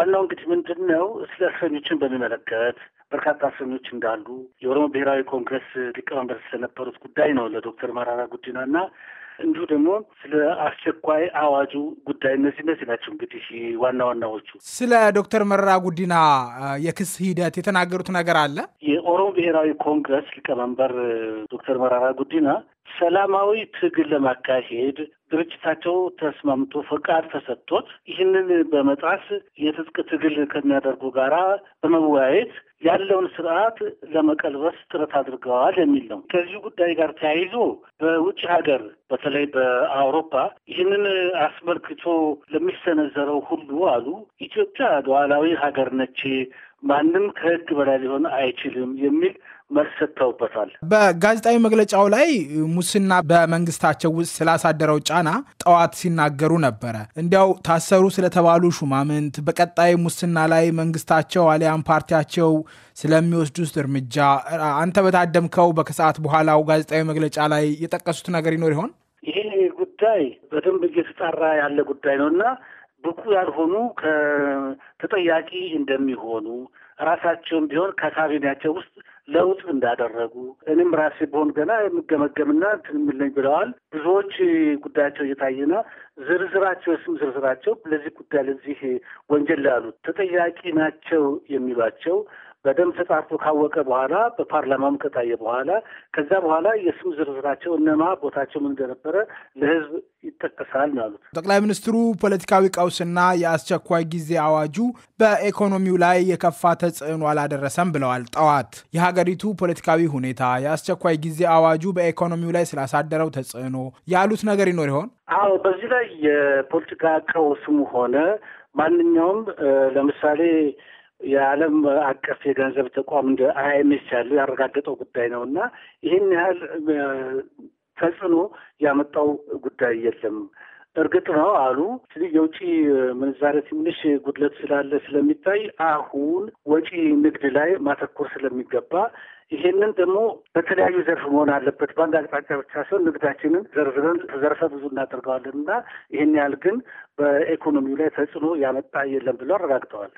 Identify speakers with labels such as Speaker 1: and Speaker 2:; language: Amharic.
Speaker 1: ዋናው እንግዲህ ምንድን ነው ስለ እስረኞችን በሚመለከት በርካታ እስረኞች እንዳሉ የኦሮሞ ብሔራዊ ኮንግረስ ሊቀመንበር ስለነበሩት ጉዳይ ነው ለዶክተር መራራ ጉዲና እና እንዲሁ ደግሞ ስለ አስቸኳይ አዋጁ ጉዳይ እነዚህ እነዚህ ናቸው እንግዲህ ዋና ዋናዎቹ።
Speaker 2: ስለ ዶክተር መረራ ጉዲና የክስ ሂደት የተናገሩት ነገር አለ።
Speaker 1: የኦሮሞ ብሔራዊ ኮንግረስ ሊቀመንበር ዶክተር መራራ ጉዲና ሰላማዊ ትግል ለማካሄድ ድርጅታቸው ተስማምቶ ፈቃድ ተሰጥቶት ይህንን በመጣስ የትጥቅ ትግል ከሚያደርጉ ጋራ በመወያየት ያለውን ስርዓት ለመቀልበስ ጥረት አድርገዋል የሚል ነው። ከዚህ ጉዳይ ጋር ተያይዞ በውጭ ሀገር በተለይ በአውሮፓ ይህንን አስመልክቶ ለሚሰነዘረው ሁሉ አሉ ኢትዮጵያ ሉዓላዊ ሀገር ነች ማንም ከህግ በላይ ሊሆን አይችልም የሚል መልስ ሰጥተውበታል።
Speaker 2: በጋዜጣዊ መግለጫው ላይ ሙስና በመንግስታቸው ውስጥ ስላሳደረው ጫና ጠዋት ሲናገሩ ነበረ። እንዲያው ታሰሩ ስለተባሉ ሹማምንት፣ በቀጣይ ሙስና ላይ መንግስታቸው አሊያም ፓርቲያቸው ስለሚወስዱት እርምጃ አንተ በታደምከው በከሰዓት በኋላው ጋዜጣዊ መግለጫ ላይ የጠቀሱት ነገር ይኖር ይሆን?
Speaker 1: ይሄ ጉዳይ በደንብ እየተጣራ ያለ ጉዳይ ነው እና ብቁ ያልሆኑ ተጠያቂ እንደሚሆኑ ራሳቸውም ቢሆን ከካቢኔያቸው ውስጥ ለውጥ እንዳደረጉ እኔም ራሴ በሆን ገና የምገመገምና ትንምለኝ ብለዋል። ብዙዎች ጉዳያቸው እየታየና ዝርዝራቸው ስም ዝርዝራቸው ለዚህ ጉዳይ ለዚህ ወንጀል ላሉት ተጠያቂ ናቸው የሚሏቸው በደንብ ተጣርቶ ካወቀ በኋላ በፓርላማም ከታየ በኋላ ከዛ በኋላ የስም ዝርዝራቸው እነማ ቦታቸው ምን እንደነበረ ለህዝብ ይጠቀሳል ነው ያሉት
Speaker 2: ጠቅላይ ሚኒስትሩ። ፖለቲካዊ ቀውስና የአስቸኳይ ጊዜ አዋጁ በኢኮኖሚው ላይ የከፋ ተጽዕኖ አላደረሰም ብለዋል። ጠዋት የሀገሪቱ ፖለቲካዊ ሁኔታ የአስቸኳይ ጊዜ አዋጁ በኢኮኖሚው ላይ ስላሳደረው ተጽዕኖ ያሉት ነገር ይኖር ይሆን?
Speaker 1: አዎ በዚህ ላይ የፖለቲካ ቀውስም ሆነ ማንኛውም ለምሳሌ የዓለም አቀፍ የገንዘብ ተቋም እንደ አይኤምኤስ ያለው ያረጋገጠው ጉዳይ ነው እና ይህን ያህል ተጽዕኖ ያመጣው ጉዳይ የለም። እርግጥ ነው አሉ የውጭ ምንዛሬ ትንሽ ጉድለት ስላለ ስለሚታይ አሁን ወጪ ንግድ ላይ ማተኮር ስለሚገባ ይሄንን ደግሞ በተለያዩ ዘርፍ መሆን አለበት። በአንድ አቅጣጫ ብቻ ሲሆን ንግዳችንን ዘርዝረን ዘርፈ ብዙ እናደርገዋለን እና ይህን ያህል ግን በኢኮኖሚው ላይ ተጽዕኖ ያመጣ የለም ብሎ አረጋግጠዋል።